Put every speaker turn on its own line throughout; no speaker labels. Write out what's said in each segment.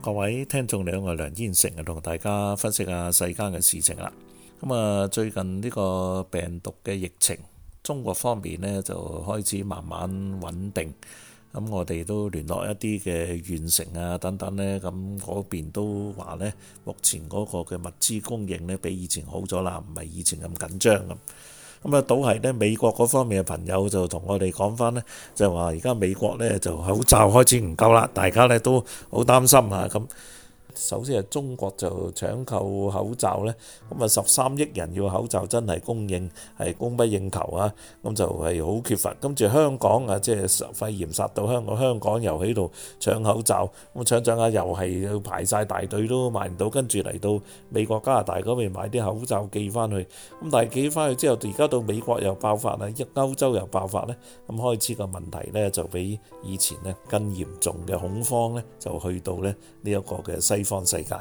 各位聽眾，兩位梁燕城啊，同大家分析下世間嘅事情啦。咁啊，最近呢個病毒嘅疫情，中國方面呢就開始慢慢穩定。咁我哋都聯絡一啲嘅縣城啊等等呢，咁嗰邊都話呢，目前嗰個嘅物資供應呢，比以前好咗啦，唔係以前咁緊張咁。咁啊，倒係咧，美國嗰方面嘅朋友就同我哋講翻咧，就話而家美國咧，就口罩開始唔夠啦，大家咧都好擔心呀，咁。啊首先係中國就搶購口罩咧，咁啊十三億人要口罩，真係供應係供不應求啊！咁就係好缺乏。跟住香港啊，即係肺炎殺到香港，香港又喺度搶口罩，咁搶搶下又係要排曬大隊都買唔到。跟住嚟到美國加拿大嗰邊買啲口罩寄翻去，咁但係寄翻去之後，而家到美國又爆發啦，一歐洲又爆發咧，咁開始個問題咧就比以前咧更嚴重嘅恐慌咧就去到咧呢一個嘅西。方世界，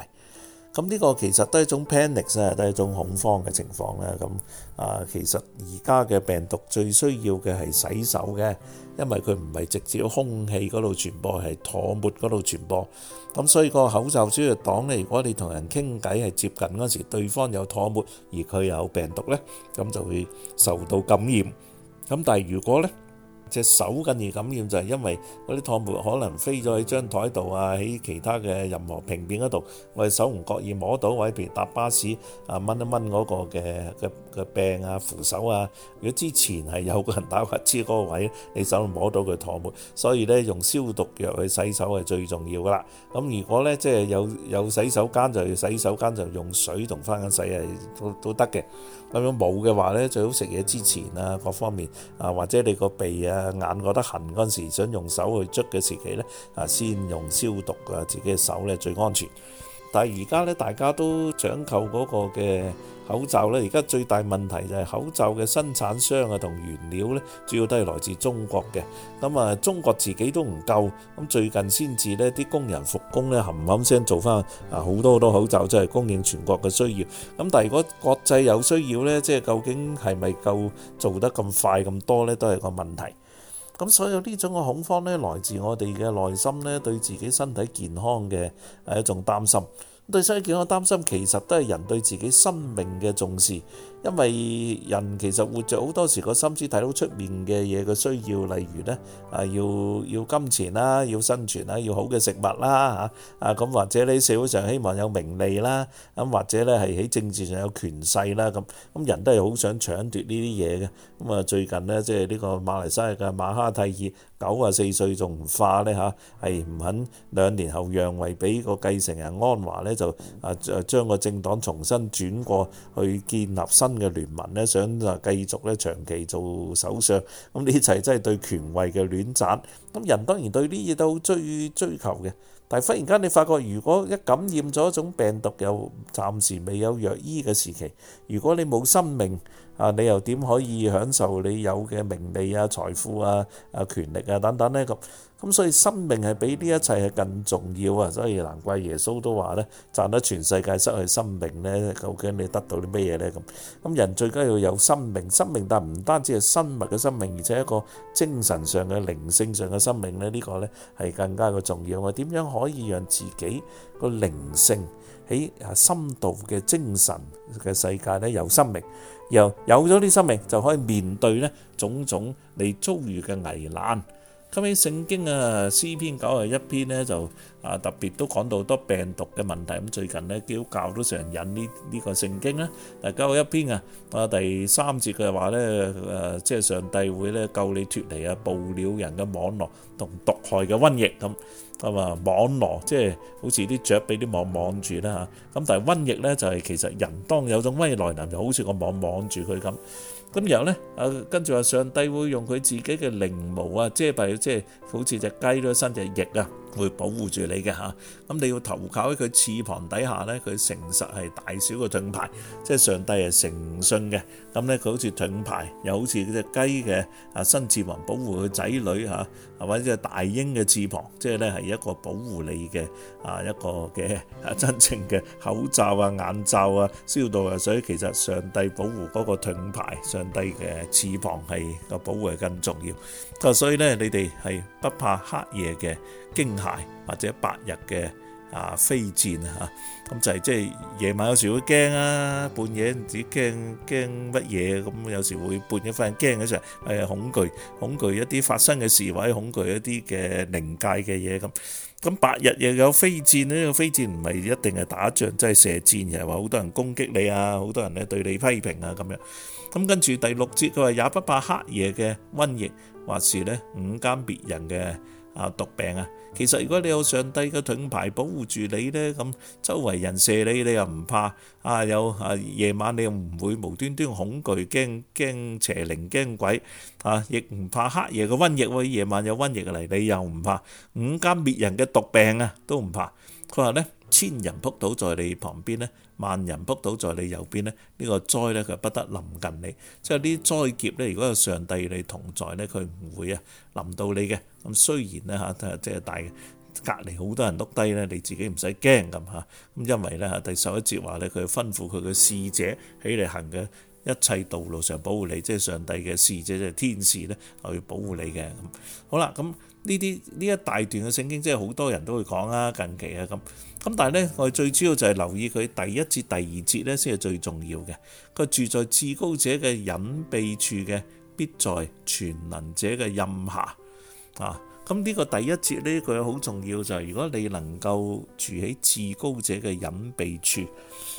咁呢個其實都係一種 panic 啊，都係一種恐慌嘅情況啦。咁啊，其實而家嘅病毒最需要嘅係洗手嘅，因為佢唔係直接喺空氣嗰度傳播，係唾沫嗰度傳播。咁所以個口罩主要擋咧，如果你同人傾偈係接近嗰時，對方有唾沫而佢有病毒呢，咁就會受到感染。咁但係如果呢？即是手眼覺得痕嗰陣時，想用手去捽嘅時期咧，啊，先用消毒嘅自己嘅手咧最安全。但係而家咧，大家都搶購嗰個嘅口罩咧，而家最大問題就係口罩嘅生產商啊同原料咧，主要都係來自中國嘅。咁啊，中國自己都唔夠，咁最近先至咧，啲工人復工咧，冚冚聲做翻啊好多好多口罩，即係供應全國嘅需要。咁但係如果國際有需要咧，即係究竟係咪夠做得咁快咁多咧，都係個問題。咁所有呢種嘅恐慌咧，來自我哋嘅內心咧，對自己身體健康嘅係一種擔心。對身體健康嘅擔心，其實都係人對自己生命嘅重視。因為人其實活著好多時個心思睇到出面嘅嘢嘅需要，例如咧啊要要金錢啦，要生存啦，要好嘅食物啦吓啊，咁或者喺社會上希望有名利啦，咁或者咧係喺政治上有權勢啦，咁咁人都係好想搶奪呢啲嘢嘅。咁啊最近咧即係呢個馬來西亞嘅馬哈蒂爾九十四歲仲唔化咧吓，係唔肯兩年後讓位俾個繼承人安華咧，就啊將個政黨重新轉過去建立新新嘅聯盟咧，想啊繼續咧長期做首相，咁呢一齊真係對權位嘅亂攢，咁人當然對呢嘢都追追求嘅，但係忽然間你發覺，如果一感染咗一種病毒，又暫時未有藥醫嘅時期，如果你冇生命啊，你又點可以享受你有嘅名利啊、財富啊、啊權力啊等等咧咁？咁所以生命係比呢一切係更重要啊！所以難怪耶穌都話咧，賺得全世界失去生命咧，究竟你得到啲咩嘢咧？咁咁人最緊要有生命，生命但唔單止係生物嘅生命，而且一個精神上嘅靈性上嘅生命咧，呢、呢個咧係更加嘅重要。啊。點樣可以讓自己個靈性喺啊深度嘅精神嘅世界咧有生命？又有咗啲生命就可以面對咧種種你遭遇嘅危難。後尾聖經啊，詩篇九啊一篇咧，就。啊！特別都講到好多病毒嘅問題，咁最近咧，基督教都常引呢呢個聖經啦。大家有一篇啊，啊第三節嘅話咧，誒即係上帝會咧救你脫離啊捕鳥人嘅網羅同毒害嘅瘟疫咁，係嘛？網羅即係好似啲雀俾啲網網住啦嚇，咁但係瘟疫咧就係其實人當有種瘟來臨，就好似個網網住佢咁。咁然後咧，誒跟住話上帝會用佢自己嘅翎毛啊遮蔽，即係好似隻雞咁伸隻翼啊。會保護住你嘅嚇，咁你要投靠喺佢翅膀底下咧。佢誠實係大小個盾牌，即係上帝係誠信嘅。咁咧佢好似盾牌，又好似嗰隻雞嘅啊新翅膀保護佢仔女嚇，或者隻大鷹嘅翅膀，即係咧係一個保護你嘅啊一個嘅啊真正嘅口罩啊眼罩啊消毒啊。所以其實上帝保護嗰個盾牌，上帝嘅翅膀係個保護係更重要。所以咧，你哋係不怕黑夜嘅。驚駭或者白日嘅啊飛箭啊，咁就係即係夜晚有時會驚啊，半夜唔知驚驚乜嘢，咁、嗯、有時會半夜瞓驚嗰陣，誒、哎、恐懼恐懼一啲發生嘅事，或者恐懼一啲嘅靈界嘅嘢咁。咁、啊、白日又有飛箭，呢個飛箭唔係一定係打仗，即係射箭，又係話好多人攻擊你啊，好多人咧對你批評啊咁樣。咁跟住第六節佢話也不怕黑夜嘅瘟疫，或是呢午間別人嘅。啊！毒病啊，其實如果你有上帝嘅盾牌保護住你呢，咁周圍人射你，你又唔怕。啊，有啊，夜晚你又唔會無端端恐懼，驚驚邪靈，驚鬼啊，亦唔怕黑夜嘅瘟疫、啊、夜晚有瘟疫嚟，你又唔怕。午間滅人嘅毒病啊，都唔怕。佢話呢。千人呢啲呢一大段嘅聖經，即係好多人都會講啦，近期啊咁咁，但係呢，我最主要就係留意佢第一節第二節呢，先係最重要嘅。佢住在至高者嘅隱密處嘅，必在全能者嘅蔭下啊。咁呢個第一節呢，佢好重要就係，如果你能夠住喺至高者嘅隱密處，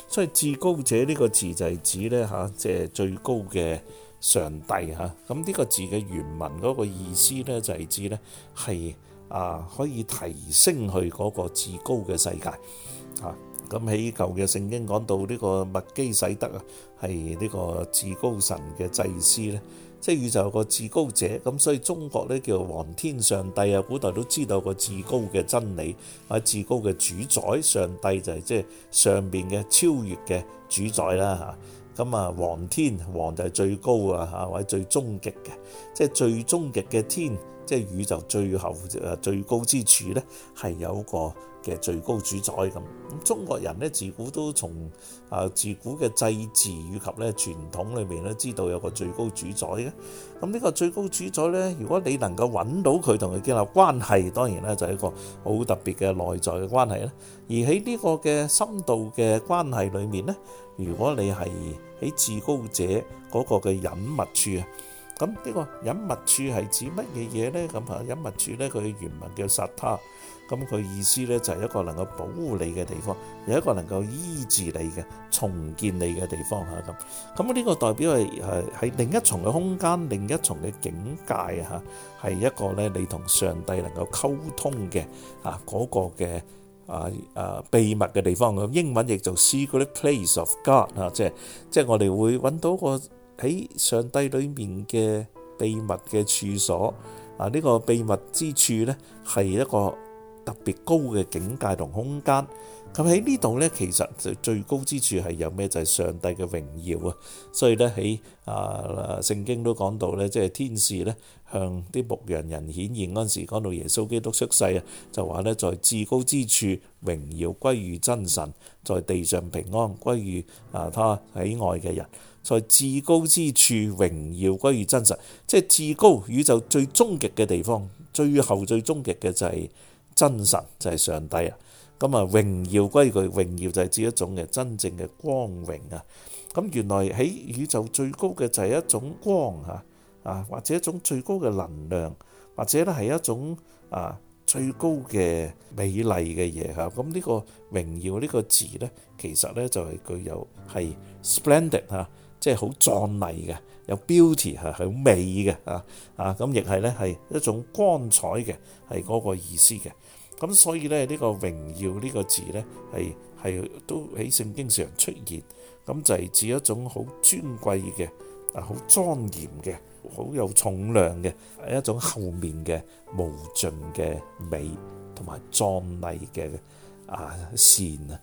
所以至高者呢個字就係指呢，嚇、啊，即係最高嘅。上帝嚇，咁、這、呢個字嘅原文嗰個意思咧就係指咧，係啊可以提升去嗰個至高嘅世界嚇。咁喺舊嘅聖經講到呢個麥基洗德啊，係呢個至高神嘅祭司咧，即係宇宙個至高者。咁所以中國咧叫皇天上帝啊，古代都知道個至高嘅真理啊，至高嘅主宰上帝就係即係上邊嘅超越嘅主宰啦嚇。啊咁啊，皇天皇就係最高啊，或者最終極嘅，即係最終極嘅天，即係宇宙最後誒最高之處咧，係有個嘅最高主宰咁。咁中國人咧自古都從誒自古嘅祭祀以及咧傳統裏面咧都知道有個最高主宰嘅。咁呢個最高主宰咧、這個，如果你能夠揾到佢同佢建立關係，當然咧就係一個好特別嘅內在嘅關係咧。而喺呢個嘅深度嘅關係裏面咧，如果你係，喺至高者嗰個嘅隱密處啊，咁呢個隱密處係指乜嘢嘢呢？咁啊，隱密處呢，佢原文叫撒他，咁佢意思呢，就係一個能夠保護你嘅地方，有一個能夠醫治你嘅重建你嘅地方嚇咁。咁呢個代表係誒另一重嘅空間，另一重嘅境界嚇，係一個呢，你同上帝能夠溝通嘅啊嗰個嘅。啊啊！秘密嘅地方咁，英文亦就 secret place of God 啊，即係即係我哋會揾到個喺上帝裏面嘅秘密嘅處所啊！呢個秘密之處咧係一個。特別高嘅境界同空間，咁喺呢度呢，其實最最高之處係有咩？就係、是、上帝嘅榮耀啊！所以呢，喺啊聖經都講到呢，即係天使呢，向啲牧羊人顯現嗰陣時，講到耶穌基督出世啊，就話呢，在至高之處榮耀歸於真神，在地上平安歸於啊他喜愛嘅人，在至高之處榮耀歸於真神，即係至高宇宙最終極嘅地方，最後最終極嘅就係、是。真神就係上帝啊，咁啊榮耀歸佢，榮耀就係指一種嘅真正嘅光榮啊。咁原來喺宇宙最高嘅就係一種光吓啊，或者一種最高嘅能量，或者咧係一種啊最高嘅美麗嘅嘢吓。咁呢個榮耀呢個字咧，其實咧就係具有係 splendid 吓，即係好壯麗嘅，有 beauty 吓，係好美嘅啊啊，咁亦係咧係一種光彩嘅，係嗰個意思嘅。咁所以咧，呢個榮耀呢個字咧，係係都喺聖經上出現，咁就係指一種好尊貴嘅、啊好莊嚴嘅、好有重量嘅一種後面嘅無盡嘅美同埋壯麗嘅啊善啊。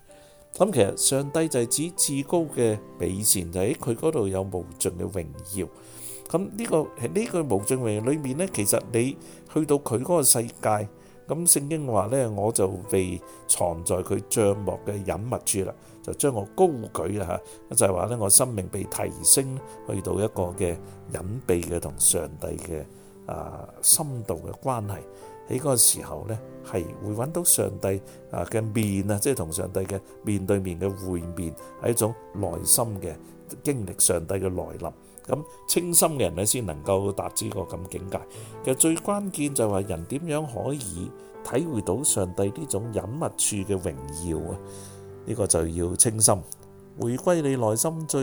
咁其實上帝就係指至高嘅美善，就喺佢嗰度有無盡嘅榮耀。咁呢個呢句無盡榮耀裏面咧，其實你去到佢嗰個世界。咁聖經話呢，我就被藏在佢帳幕嘅隱密處啦，就將我高舉啦嚇，就係話呢，我生命被提升去到一個嘅隱秘嘅同上帝嘅啊深度嘅關係。喺嗰個時候呢，係會揾到上帝啊嘅面啊，即係同上帝嘅面對面嘅會面，係一種內心嘅經歷，上帝嘅來臨。咁清心嘅人咧，先能夠達至個咁境界。其實最關鍵就係人點樣可以體會到上帝呢種隱密處嘅榮耀啊？呢個就要清心，回歸你內心最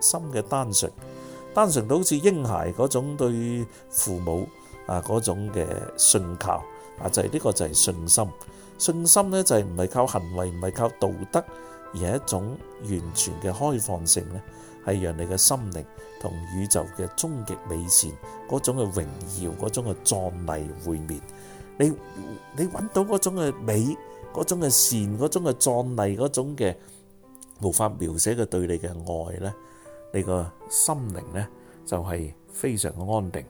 深嘅單純，單純到好似嬰孩嗰種對父母啊嗰種嘅信靠啊，就係呢個就係信心。信心咧就係唔係靠行為，唔係靠道德。而係一種完全嘅開放性咧，係讓你嘅心靈同宇宙嘅終極美善嗰種嘅榮耀，嗰種嘅壯麗會面。你你搵到嗰種嘅美，嗰種嘅善，嗰種嘅壯麗，嗰種嘅無法描寫嘅對你嘅愛咧，你個心靈咧就係非常嘅安定。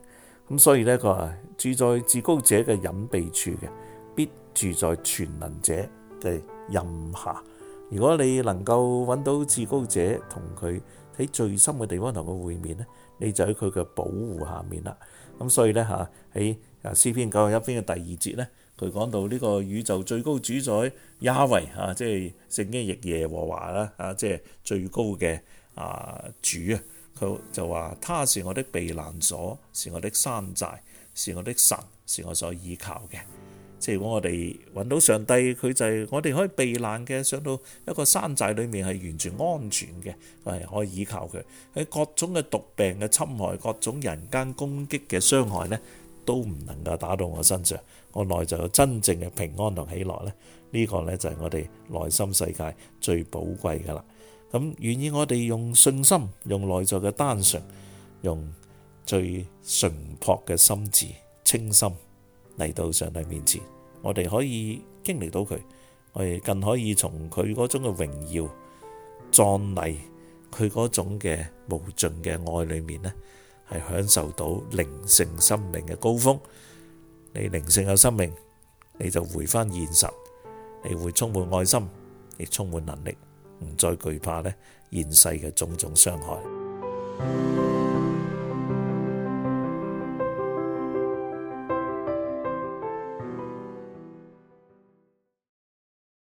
咁所以咧，佢話住在至高者嘅隱密處嘅，必住在全能者嘅蔭下。如果你能夠揾到至高者，同佢喺最深嘅地方同佢會面呢，你就喺佢嘅保護下面啦。咁所以呢，嚇喺啊詩篇九十一篇嘅第二節呢，佢講到呢個宇宙最高主宰亞維啊，即係聖經亦耶和華啦啊，即係最高嘅啊主啊，佢就話他是我的避難所，是我的山寨，是我的神，是我所依靠嘅。即係如果我哋揾到上帝，佢就係我哋可以避難嘅，上到一個山寨裏面係完全安全嘅，係可以依靠佢喺各種嘅毒病嘅侵害、各種人間攻擊嘅傷害咧，都唔能夠打到我身上，我內在真正嘅平安同喜樂咧，呢個咧就係我哋內心世界最寶貴噶啦。咁願意我哋用信心，用內在嘅單純，用最純樸嘅心智，清心，嚟到上帝面前，我哋可以經歷到佢，我哋更可以從佢嗰種嘅榮耀、壯麗，佢嗰種嘅無盡嘅愛裏面呢，係享受到靈性生命嘅高峰。你靈性有生命，你就回返現實，你會充滿愛心，亦充滿能力，唔再懼怕咧現世嘅種種傷害。